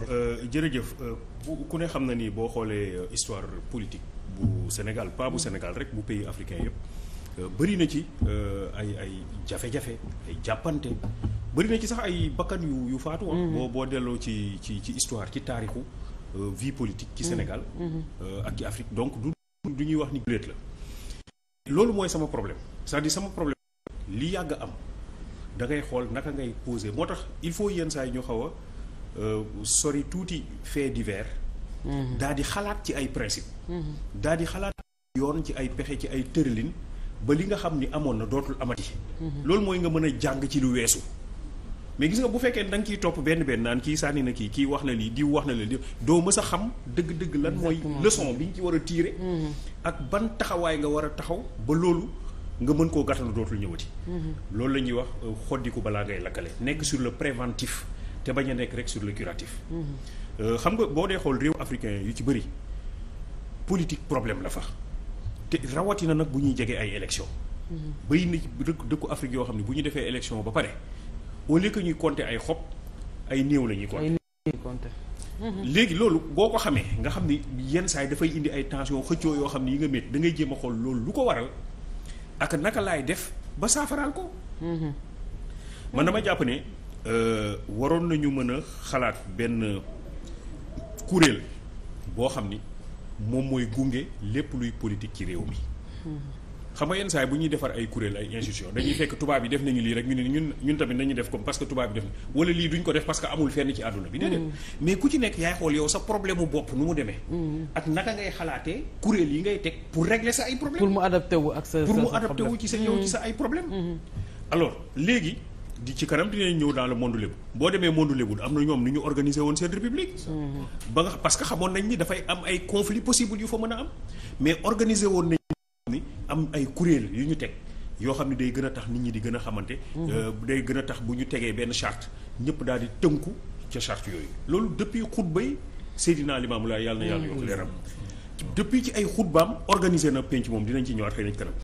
bon euh, jërëjëf euh, ku ne xam na ni boo xoolee euh, histoire politique bu Sénégal pas bu Sénégal rek bu pays africain yëpp bëri na ci ay ay jafe-jafe ay jàppante bëri na ci sax ay bakkan yu yu faatu ah. mm-hmm. boo boo delloo ci ci ci histoire ci taarixu vie politique ci mm-hmm. Sénégal mm-hmm. ak ci Afrique donc du ñuy wax ni guléet la loolu mooy sama problème cest à sama problème li yàgg am da ngay xool naka ngay poser moo tax il faut yenn saa yi ñu xaw a Euh, sori tuuti fait divers mhm. daa di xalaat ci ay principe mhm. daa di xalaat yoon ci ay pexe ci ay tëralin ba li nga xam ni amoon na dootul amati mhm. loolu mooy nga mën a jàng ci lu weesu mais gis nga bu fekkee da nga kiy topp benn benn naan kii sànni na kii kii wax na lii diw wax na la lii doo mës a xam dëgg-dëgg lan mooy leçon bi nga ci war a tiire ak ban taxawaay nga war a taxaw ba loolu nga mën koo gàttandu dootul ñëwati loolu la ñuy wax euh, xoddiku balaa ngay lakkale nekk sur le préventif te bañ a nekk rek sur le curatif. Mhm. Euh, xam nga boo dee xool réew africain yu ci bëri politique problème la fa te rawatina nag bu ñuy jege ay élection mhm. bëri na dëkk dëkku Afrique yoo xam ne bu ñu defee élection ba pare au lieu que ñuy compter ay xob ay néew la ñuy compter. Mhm. léegi loolu boo ko xamee nga xam ne yenn saa yi dafay indi ay tension xëccoo yoo xam ne yi nga métti dangay ngay jéem a xool loolu lu ko waral ak naka laay def ba saafaraal ko. man dama jàpp ne. Euh, waroon nañu mën a xalaat benn kuréel boo xam ni moom mooy gunge lépp luy politique ci réew mi. xam nga yenn saa yi bu ñuy defar ay kuréel ay institution dañuy fekk tubaab yi def nañu lii rek ñu ne ñun ñun tamit nañu def comme parce que tubaab yi def na wala lii duñ ko def parce que amul fenn ci àdduna bi. déedéet mm. mais ku ci nekk yaay xool yow sa problème mu bopp nu mu demee. Mm. ak naka ngay xalaatee kuréel yi ngay teg pour régler sa ay problème pour mu adapté wu ak sa sa problème pour ci sa yow ci sa mm. ay problème alors léegi. di ci kanam dinañ ñëw daal le monde lébu boo demee monde lébu am na ñoom ni ñu organiser woon seen république. Mm-hmm. ba nga parce que xamoon nañ ni dafay am ay conflits possibles yu fa mën a am mais organiser woon nañ ni am ay kuréel yu ñu teg yoo xam ne day gën a tax nit ñi di gën a xamante. Mm-hmm. Euh, day gën a tax bu ñu tegee benn charte ñëpp daal di tënku ca chart yooyu. loolu depuis xutbay Seydina Limaamu Laay yàlla na yàlla yokk mm-hmm. leeram depuis ci ay xutbaam organiser na penc moom dinañ ci ñëwaat xëy na kanam.